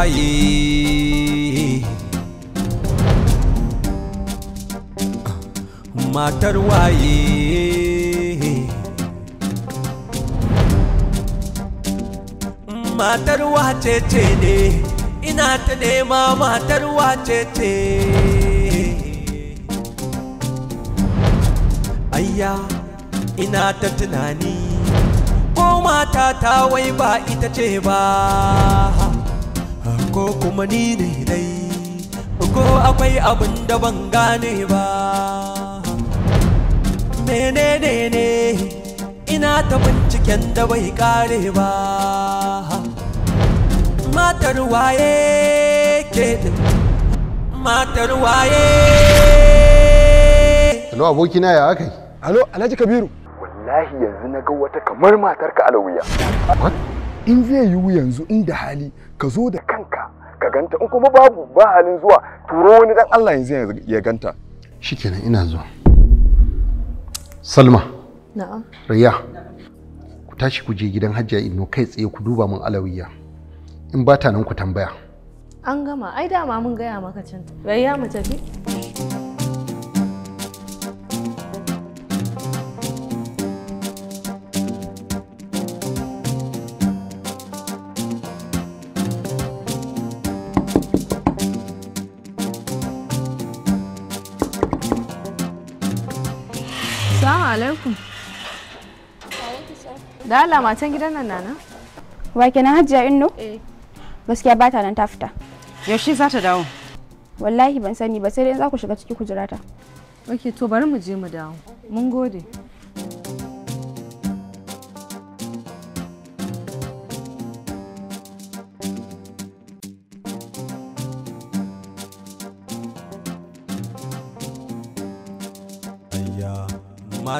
aí. matar aí. matar o ne ina ta nema matar wace Aya, ina ta tunani ko mata ta wai ba ita ce ba ko kuma ni ne dai ko akwai abin da ban gane ba ne ne ina ta binciken da bai kare ba matar waye ke matar waye Alo abokina ya kai yi? Alo Alhaji Kabiru. Wallahi yanzu na ga wata kamar matarka alawiya. In zai yiwu yanzu inda hali ka zo da kanka ganta in kuma babu ba halin zuwa turo wani dan Allah yanzu ya ganta shikenan ina zuwa Salma na'am Riya ku tashi ku je gidan Hajiya Inno kai tsaye ku duba mun alawiya in ba ta nan ku tambaya an gama ai dama mun gaya maka can Riya mu tafi alaikum. Da Allah matan gidan nan nana. Wa kenan Hajiya Inno? Eh. Gaskiya ba ta nan ta fita. Yaushe za ta dawo? Wallahi ban sani ba sai dai za ku shiga ciki ku jira ta. Okay to bari mu je mu dawo. Mun gode.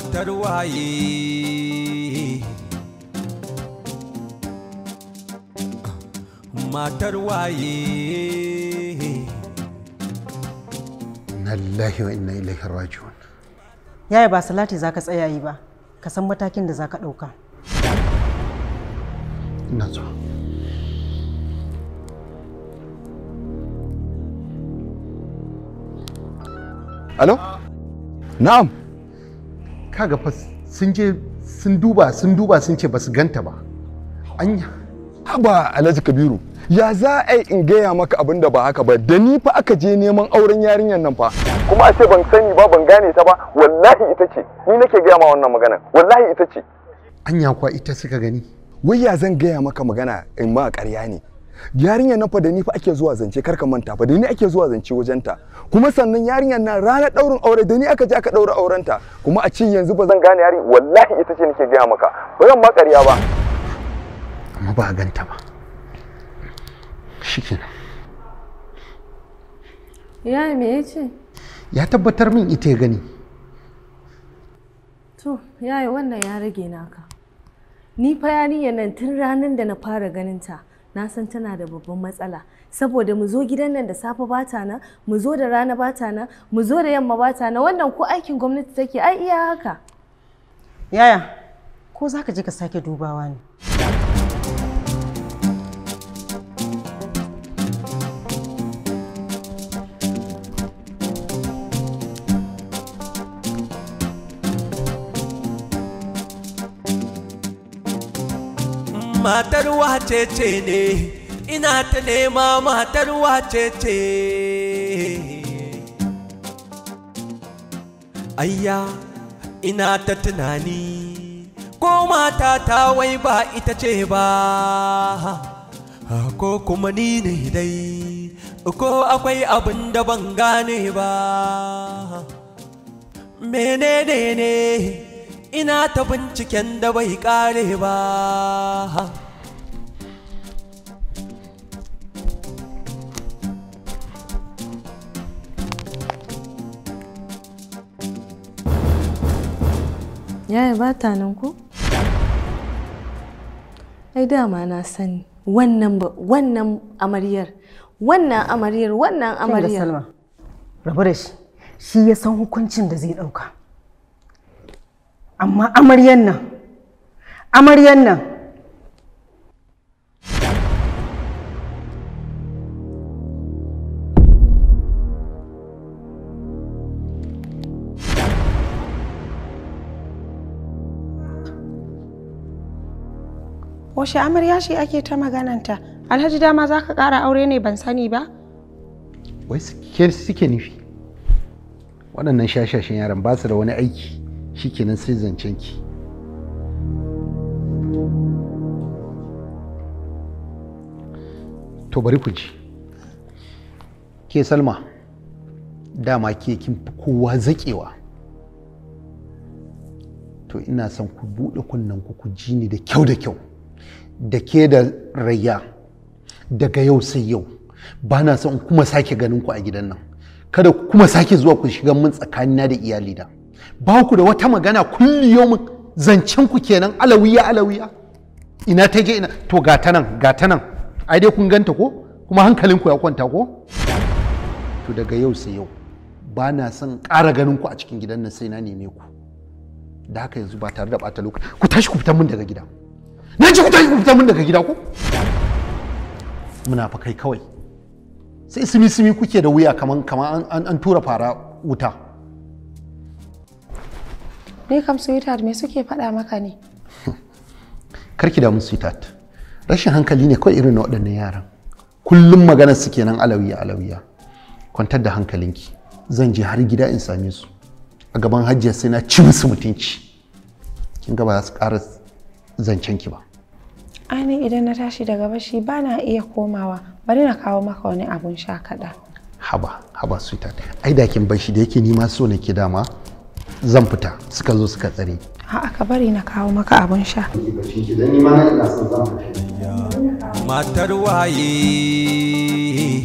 matar waye matar waye na lillahi wa inna ilaihi raji'un yaya ba salati za ka tsayayi ba ka san matakin da za ka ɗauka. ina zuwa alo na'am kaga fa sun je sun duba sun duba sun ce ba su ganta ba an haba alhaji kabiru ya za a yi in gaya maka abin da ba haka ba da ni fa aka je neman auren yarinyar nan fa kuma a ce ban sani ba ban gane ta ba wallahi ita ce ni nake gaya ma wannan magana wallahi ita ce anya kwa ita suka gani wai ya zan gaya maka magana in ma ƙarya ne yarinyar nan fa da ni fa ake zuwa zance karka manta fa da ni ake zuwa zance wajenta kuma sannan yarinyar nan ranar daurin aure da ni aka je aka daura aurenta kuma a cin yanzu ba zan gane yari wallahi ita ce nake gaya maka ba zan ba ƙarya ba amma ba ganta ba shikenan ya me yace ya tabbatar min ita ya gani to yayi wannan ya rage naka ni fa yarinyar nan tun ranar da na fara ganin ta na san tana da babban matsala saboda mu zo gidan nan da safe bata na mu zo da rana bata na mu zo da yamma bata na wannan ko aikin gwamnati take ai iya haka yaya ko zaka je ka sake dubawa ne matar wace ce ne ina ta nema matar wace ce ayya ina ta tunani ko mata ta wai ba ita ce ba ko kuma ni ne dai ko akwai abin da ban gane ba menene ne ina ta binciken da bai kare ba yaya ba ta nan ko? ai dama na sani wannan ba wannan amaryar wannan amaryar wannan amaryar rabu da shi shi ya san hukuncin da zai dauka amma amaryan nan amaryan nan Washe amarya shi ake ta magananta, alhaji dama za ka ƙara aure ne ban sani ba? Wai suke nufi, waɗannan shashashen yaran ba su da wani aiki. shikenan sai zancen ki to bari ku ji ke salma dama ke kin fi kowa zaƙewa to ina son ku buɗe kunnen ku ku ji ni da kyau da kyau da ke da rayya daga yau sai yau ba na son kuma sake ganin ku a gidan nan kada kuma sake zuwa ku shiga mun tsakanina da iyalina ba ku da wata magana kulliyomin zancen ku kenan alawiya alawiya ina ta je ina to ga ta nan ga ta nan ai dai kun ganta ko kuma hankalinku ya kwanta ko to daga yau sai yau ba na son ƙara ganin ku a cikin gidan nan sai na neme ku da haka yanzu ba tare da ɓata lokaci ku tashi ku fita min daga gida na ji ku tashi ku fita min daga gida ko muna fa kai kawai sai simi simi kuke da wuya kaman kaman an tura fara wuta ne kam sweetheart me suke faɗa maka ne? Karki damu sweetheart. Rashin hankali ne kawai irin waɗannan yaran. Kullum maganar su kenan alawiya alawiya. Kwantar da hankalinki. Zan je har gida in same su. A gaban hajjiya sai na ci musu mutunci. Kin ga ba za su ƙara zancen ki ba. Ani idan na tashi daga bashi ba na iya komawa bari na kawo maka wani abun sha kaɗa. Haba, haba sweetheart. Ai da kin bashi da yake ni so so ki dama. zan fita suka zo suka tsare a'a ka bari na kawo maka abin sha matar waye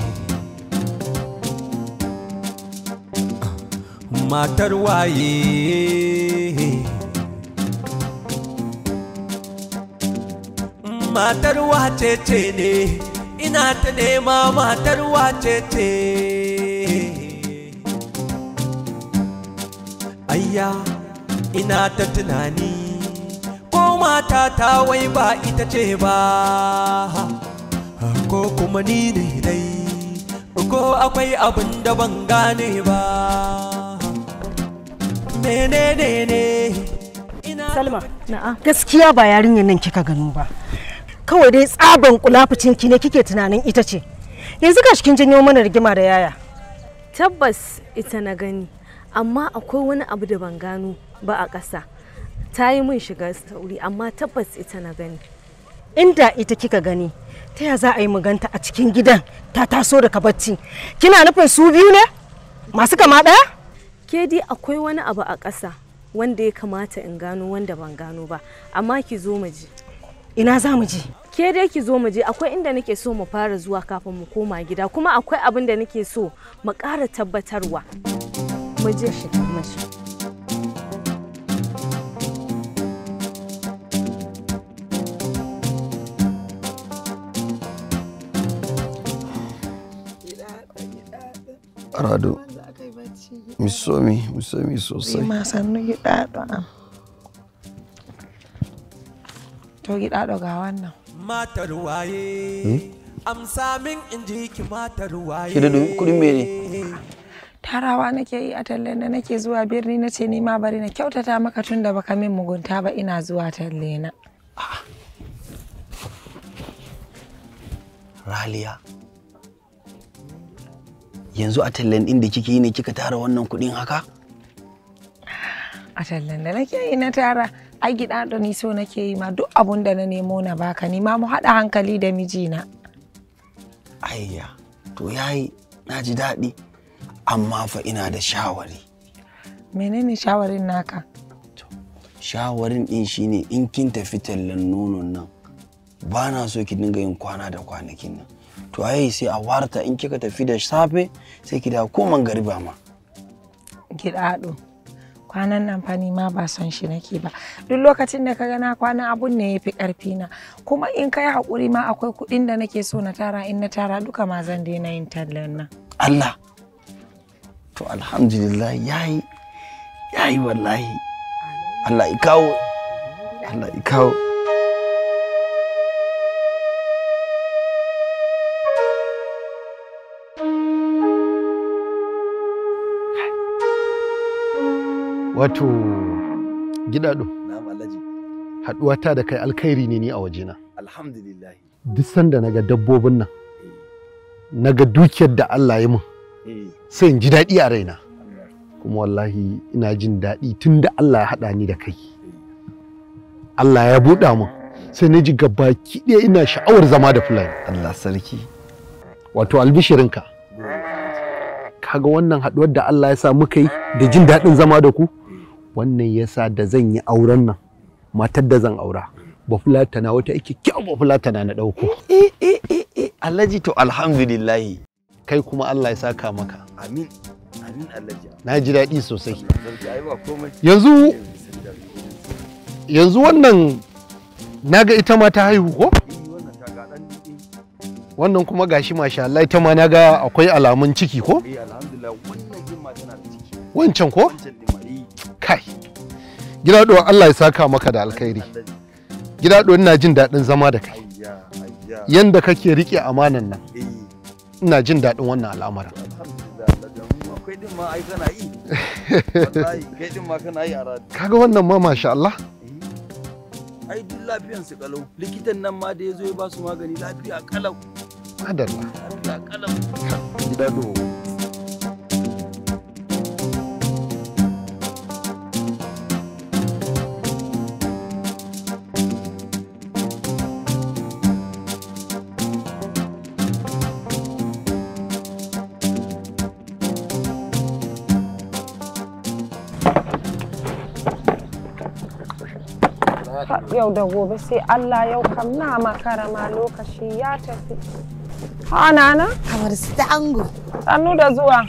matar waye matar wace ce ne ina ta nema matar wace ce ayya ina ta tunani ko mata ta wai ba ita ce ba ko kuma ni ne dai ko akwai abin da ban gane ba menene ne salma na'a gaskiya ba yarinyar nan kika gano ba kawai dai tsaban ki ne kike tunanin ita ce yanzu shi kin janyo mana rigima da yaya tabbas ita na gani amma akwai wani abu da ban gano ba a ƙasa ta yi min shiga sauri amma tabbas ita na gani inda ita kika gani ta ya za a yi maganta a cikin gidan ta taso daga bacci kina nufin su biyu ne masu kama ɗaya ke dai akwai wani abu a ƙasa wanda ya kamata in gano wanda ban gano ba amma ki zo mu je ina za mu je ke dai ki zo mu je akwai inda nake so mu fara zuwa kafin mu koma gida kuma akwai abin da nake so mu ƙara tabbatarwa. Mu je shi ta mashi. mi Misomi, mi sosai. Ni ma sannu gidaɗo. To yi gidaɗo ga wannan. Matar waye. Hmm? Amsa min in ji ki matar waye. Ki da kudin mene? tarawa nake yi a tallen da nake zuwa birni na ce nima bari na kyautata maka tun da baka min mugunta ba ina zuwa talle na. Ah. Raliya. Yanzu a tallen ɗin kike yi ne kika tara wannan kuɗin haka? A tallen da nake yi na tara ai gida da ni so nake yi ma duk abun da na nemo na baka ni ma mu haɗa hankali da mijina. Ayya, to yayi na ji daɗi. amma fa ina da shawari menene shawarin naka shawarin din shine in kin tafi tallan nonon nan ba na so ki dinga yin kwana da kwanakin nan to ai sai a warta in kika tafi da safe sai ki da koman gariba ma kwanan nan fa ma ba son shi nake ba duk lokacin da ka ga na kwana abun ne yafi karfi na kuma in kai hakuri ma akwai kuɗin da nake so na tara in na tara duka ma zan daina yin tallan nan Allah to alhamdulillah yayi yayi wallahi Allah ya kawo Allah ya kawo wato gidado ta da kai alkhairi ne ni a wajena alhamdulillah duk sanda naga dabbobin nan eh. naga dukiyar da Allah ya mun sai in ji daɗi a raina kuma wallahi ina jin daɗi tun da Allah ya haɗa ni da kai Allah ya buɗa mun sai na ji gabaki ɗaya ina sha'awar zama da fulani Allah sarki wato albishirinka kaga wannan haɗuwar da Allah ya sa muka yi da jin daɗin zama da ku wannan ya sa da zan yi auren nan matar da zan aura ba wata ake kyau ba na ɗauko eh, eh eh eh alhaji to alhamdulillahi kai kuma Allah ya saka maka amin amin na ji daɗi sosai yanzu yanzu wannan naga ita ma ta haihu ko eh, wannan kuma gashi masha Allah ita ma naga akwai alamun ciki ko eh, wancan ko eh. kai gida Allah ya saka maka da alkhairi gida ina jin daɗin zama da kai yanda kake riƙe amanan nan ina jin daɗin wannan al'amarin kaga wannan ma masha Allah eh. ai duk lafiyan su kalau likitan nan ma da ya zo ya ba su magani lafiya kalau madalla lafiya kalau yau da gobe sai Allah yau kam na makarama lokaci ya tafi. Hanana? Kamar su ta ango. Sannu da zuwa.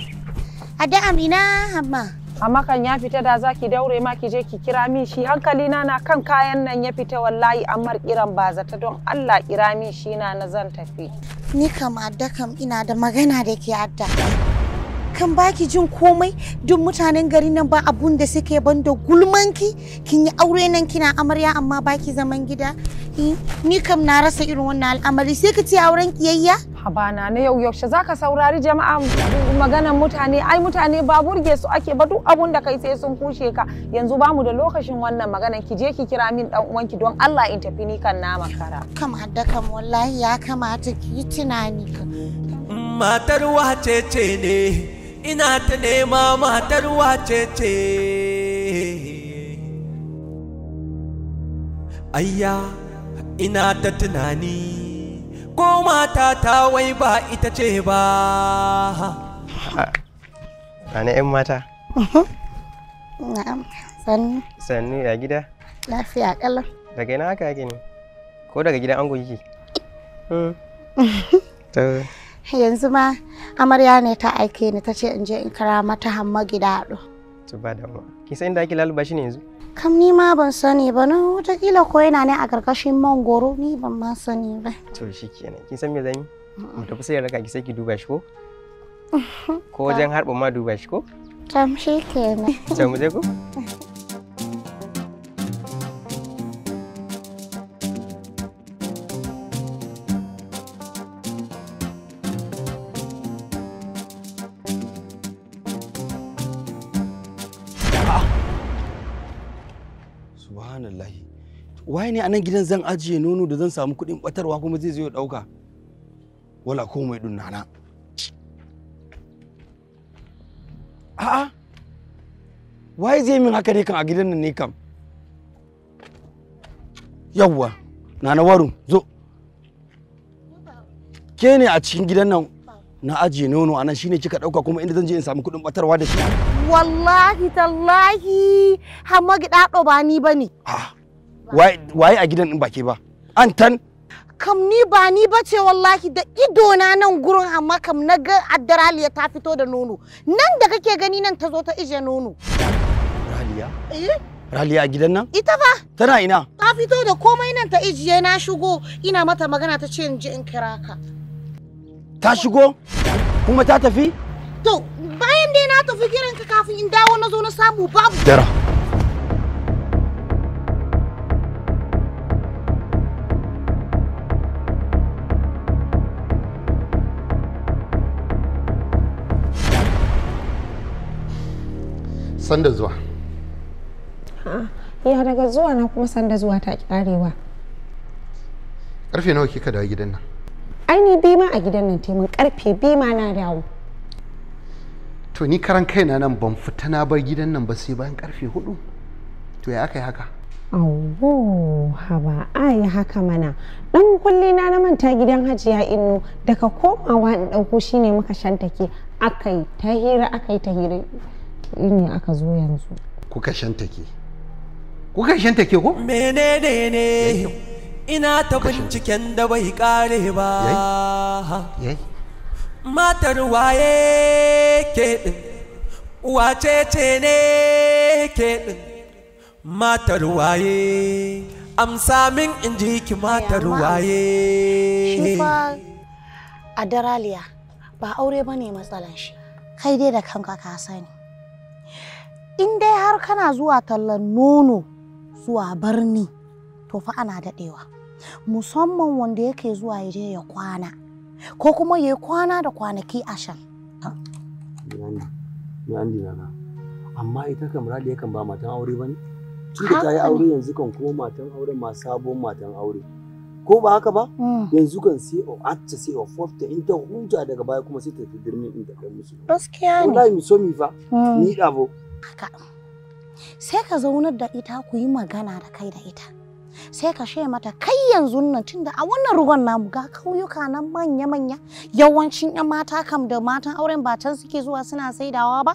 A da Amina Hamma. Amma kan ya fita da za ki daure ma ki je ki kira min shi hankalina na kan kayan nan ya fita wallahi amar kiran ba zata don Allah kira min shi na zan tafi. Ni kam adda kam ina da magana da ke adda. kan baki jin komai duk mutanen garin nan ba abun da suke ban da gulmanki kin yi aure nan kina amarya amma baki zaman gida eh, ni kam na rasa irin wannan al'amari sai ka ce auren kiyayya habana na yau yaushe zaka saurari jama'a maganan mutane ai mutane ba burge su ake ba duk abun da kai sai sun kushe ka yanzu bamu da lokacin wannan maganan ki je ki kira min dan uwanki don Allah in tafi ni kan nama kara kamata kam wallahi ya kamata ki tunani matar wace ce ne ina ta nema matar wace ce ayya ina ta tunani ko mata ta wai ba ita ce ba ha ana yan mata mhm. sannu sannu ya gida lafiya kala daga ina haka yake ne ko daga gidan angon yake yanzu ma amarya ne ta aike ni ta ce in je in kira mata hamma gida gidado Tu ba damuwa ki san inda ake laluba shi ne yanzu kam ni ma ban sani ba na watakila ko yana ne a ƙarƙashin mangoro ni ban ma sani ba to shikenan Ki san me zan yi mu tafi sai raka ki sai ki duba shi ko ko wajen harba ma duba shi ko tam shikenan to mu je ko waye ne a nan gidan zan ajiye nono da zan samu kuɗin batarwa kuma zai zo ya ɗauka wala komai ɗin nana a'a waye zai min haka ne kan a gidan nan ne kam yawwa nana warun zo ke ne a cikin gidan nan na ajiye nono a nan shine kika ɗauka kuma inda zan je in samu kuɗin batarwa da shi wallahi tallahi hamma gida ɗo ba ni bane ah waye a gidan in baki ba an tan kam ni ba ni ba ce wallahi da ido na nan gurin amma kam na ga addaraliya ta fito da nono nan da kake gani nan ta zo ta ije nono raliya eh raliya a gidan nan ita ba tana ina ta fito da komai nan ta ijiye na shigo ina mata magana ta ce in je in kira ka ta shigo kuma ta tafi to bayan dai na tafi kiranka kafin in dawo na zo na samu babu dara sanda zuwa ya ah, eh, daga zuwa na kuma sanda zuwa ta karewa karfe nawa kika dawo gidan nan ai ni bi ma a gidan nan taimun karfe bi ma na dawo to ni karan kaina nan ban fita na bar gidan nan ba sai bayan karfe hudu to ya aka yi haka Awo, haba ai haka mana dan kulli na na manta gidan hajiya inno daga komawa in dauko shine muka shantake akai tahira akai ta hira ne aka zo yanzu kuka shantake kuka shantake ko menene ne ina ta binciken da bai kare ba matar waye ke din wace ce ne ke din matar waye amsa min in ji ki matar waye a daraliya ba aure ba ne matsalan shi kai dai da kanka ka sani in dai har kana zuwa tallan nono zuwa birni to fa ana daɗewa musamman wanda yake zuwa ya je ya kwana ko kuma ya kwana da kwanaki ashirin. Ah, amma ita kan da yakan ba matan aure ba ne? Tunda ta yi aure yanzu kan kuma matan aure ma sabon matan aure. Ko ba haka ba? Mm. Yanzu kan sai o atta sai o fofta in ta huta daga baya kuma sai ta fi birnin inda kai musu. Gaskiya ne. Wallahi mi so mi fa. Mm. Ni bo ka sai ka zaunar da ita ku yi magana da kai da ita sai ka shaya mata kai yanzu nan tunda a wannan ruwan namu ga kauyuka na manya-manya yawancin 'yan mata kam da matan auren ba can suke zuwa suna saidawa ba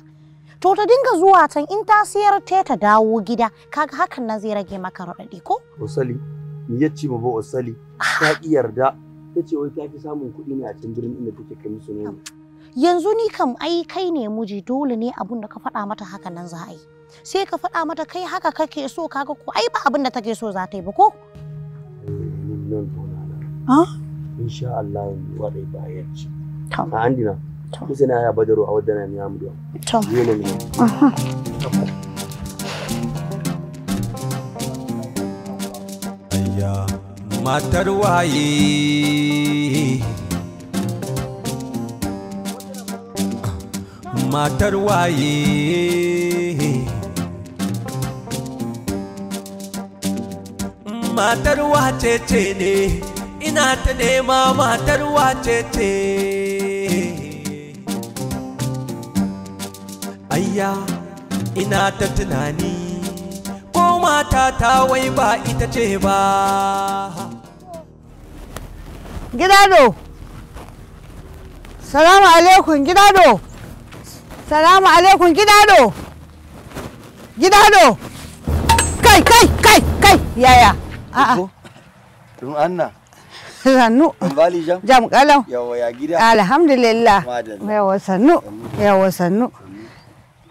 to ta dinga zuwa can in ta siyar ta ta dawo gida kaga hakan na zai rage maka raɗaɗi ko usali ni ya baba ta ki yarda ta ce wai ta fi samun kuɗi ne a can birnin inda take kai musu ne yanzu ni kam ai kai ne muji dole ne abun da ka faɗa mata haka nan za a yi sai ka faɗa mata kai haka kake so kaga ko ai ba abin da take so za ta yi ba ko insha Allah dai ba yanci a andina kusa na ya badaro a wadana ni ya da ta ne ne ayya matar waye matar waye matar wace ne ina ta nema matar wacece ce ayya ina ta tunani ko mata ta wai ba ita ce ba gidado salamu alaikum gidado salamu alaikum gidado gidado kai kai kai kai yaya a'a tun anna sannu bali jam jam kalau yawa ya gida alhamdulillah yawa sannu yawa sannu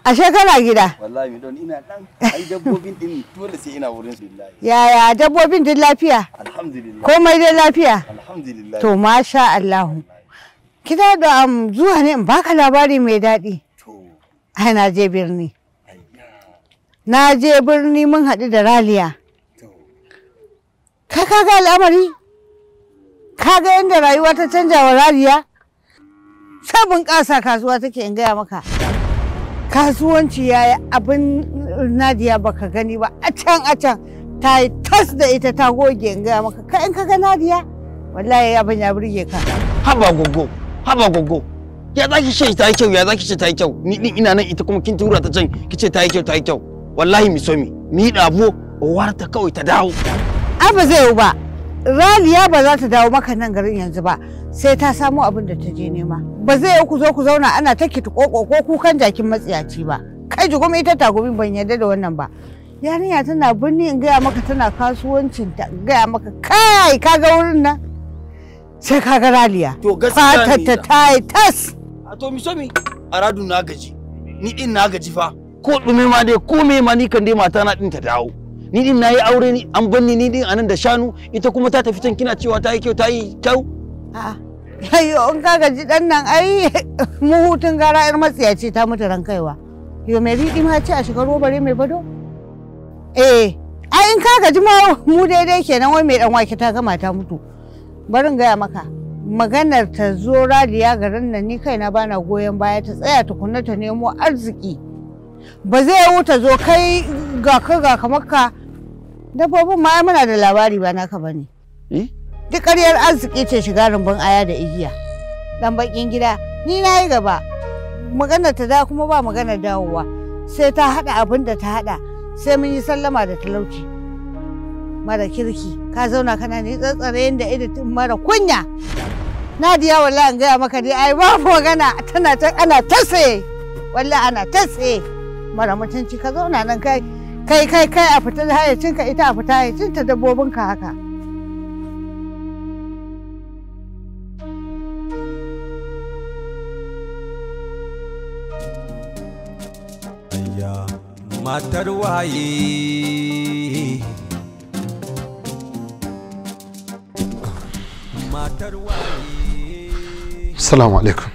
ashe kana gida wallahi don ina dan ai dabbobin din dole sai ina wurin su billahi yaya dabbobin din lafiya alhamdulillah komai dai lafiya alhamdulillah to masha Allah kida da um, zuwa ne in baka labari mai daɗi ai na je birni na je birni mun haɗu da raliya ka kaga al'amari ka ga yadda rayuwa ta canja wa raliya sabon ƙasa kasuwa take in gaya maka kasuwanci yayi yi abin nadiya baka gani ba a can a can ta yi tas da ita ta goge in gaya maka ka in ka ga nadiya wallahi abin ya burge ka haba gogo haba gogo ya za ki ce ta yi kyau ya za ki ce ta yi kyau ni din ina nan ita kuma kin tura ta can ki ce ta yi kyau ta yi kyau wallahi mi so mi mi dabo ta kawai ta dawo ba zai yi ba raliya ba za ta dawo maka nan garin yanzu ba sai ta samu abin da ta je nema ba zai yi ku zo ku zauna ana ta ki ko kukan jakin matsiyaci ba kai kuma ita tagumi ban yarda da wannan ba yarinya tana binni in gaya maka tana kasuwancin ta gaya maka kai ka ga wurin nan sai ka ga raliya to gaskiya ta ta tas A to mi so mi? Aradu na gaji. Ni din na gaji fa. Ko dume ma dai ko me ma ni kan dai mata na din ta dawo. Ni din nayi aure ni an banni ni din anan da shanu ita kuma ta tafi can kina cewa ta yi kyau ta yi kyau. A'a. Ayyo in ka gaji dan nan ai mu hutun gara yar matsiya ce ta mutu ran kaiwa. Yo me riɗi ma ce a shiga robare mai bado? Eh, ai in ka gaji ma mu daidai kenan wai mai dan wake ta gama ta mutu. Barin gaya maka. maganar ta zo radiya garin nan ni kaina bana goyon baya ta tsaya tukunna ta nemo arziki ba zai wuta zo kai ga ka ga kamar dabbobin ma muna da labari ba naka bane eh? duk ƙaryar arziki ce shiga rumbun aya da igiya dan bakin gida ni na yi gaba maganar ta da kuma ba maganar dawowa sai ta hada abin da ta hada sai mun yi sallama da talauci mara kirki ka zauna kana ne tsatsare yadda ido mara kunya nadiya wallahi an gaya maka dai ai babu magana tana ta ana ta tsaye wallahi ana ta tsaye mara mutunci ka zauna nan kai kai kai kai a fitar ka ita a fita dabbobin ka haka matar waye Assalamu alaikum.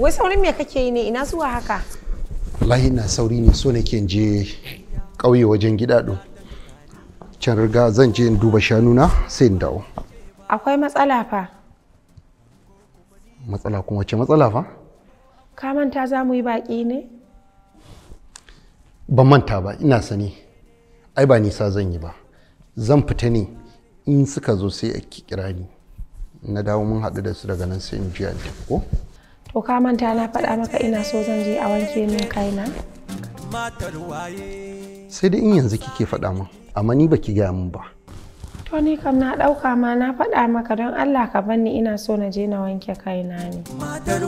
wai saurin me kake yi ne ina zuwa haka? Wallahi na sauri ne so nake je ƙauye wajen gidaɗo. Can riga zan je in duba shanuna sai in dawo. Akwai matsala fa. Matsala kuma ce matsala fa? Ka manta za mu yi baƙi ne? ban manta ba ina sani ai ba nisa zan yi ba zan fita ne in suka zo sai a kira ni na dawo mun haɗu da su daga nan sai in ji a ko to ka manta na faɗa maka ina so zan je a wanke min kaina sai dai in yanzu kike faɗa min amma ni baki gaya min ba to ni kam na ɗauka ma na faɗa maka don allah ka banni ina so na je na wanke kaina ne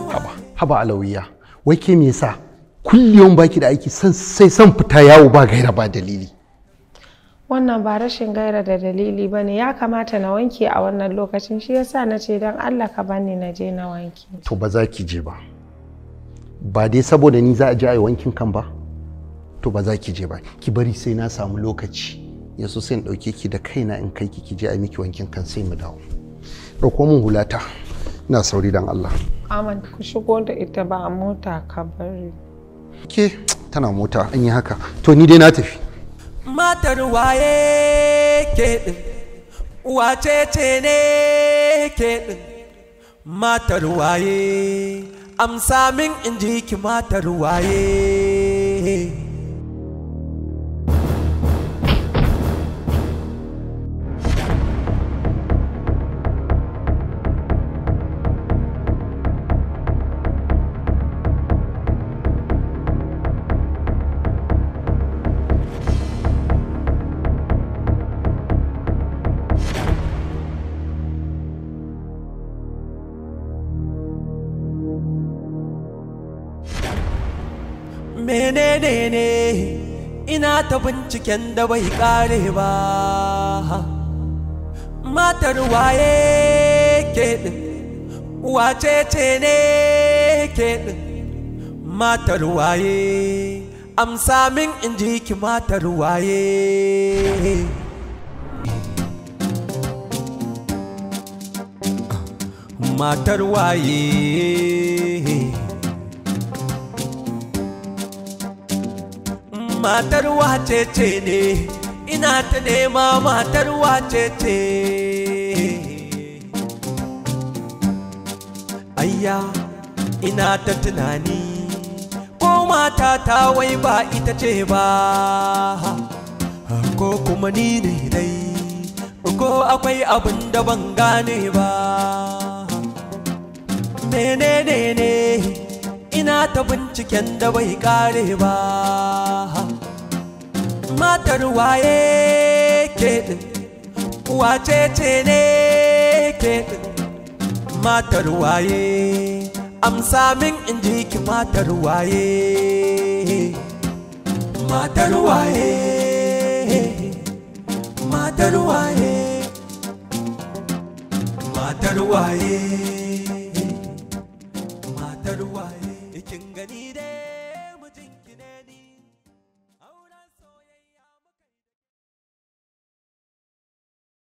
haba haba alawiya wai ke me yasa kulliyon baki da aiki sai san fita yawo ba gaira ba dalili wannan ba rashin gaira da dalili ba ne ya kamata na wanke a wannan lokacin shi yasa na ce don allah ka bani na je na wanke to ba za ki je ba ba dai saboda ni za a je a yi wankin kan ba to ba za ki je ba ki bari sai na samu lokaci ya so sai ɗauke ki da kaina in kai ki ki je a yi miki wankin kan sai mu dawo ɗauko min hulata ina sauri don allah aman ku shigo da ita ba a mota ka bari ke tana mota an yi haka to ni dai na tafi matar waye ke din wace ce ne ke din matar waye amsa min in ji ki matar waye menene ina ta binciken da bai kare ba matar waye ke ɗin wace ce ne ke ɗin matar waye amsa min in ji ki matar waye matar waye matar wace ce ne ina ta nema matar wace ce ayya ina ta tunani ko mata ta wai ba ita ce ba ko kuma ni ne dai ko akwai abin da ban gane ba mene ne ina ta binciken da bai kare ba matar waye ke din wace ce ne ke din matar waye amsa min in ji ki matar waye matar waye matar waye matar waye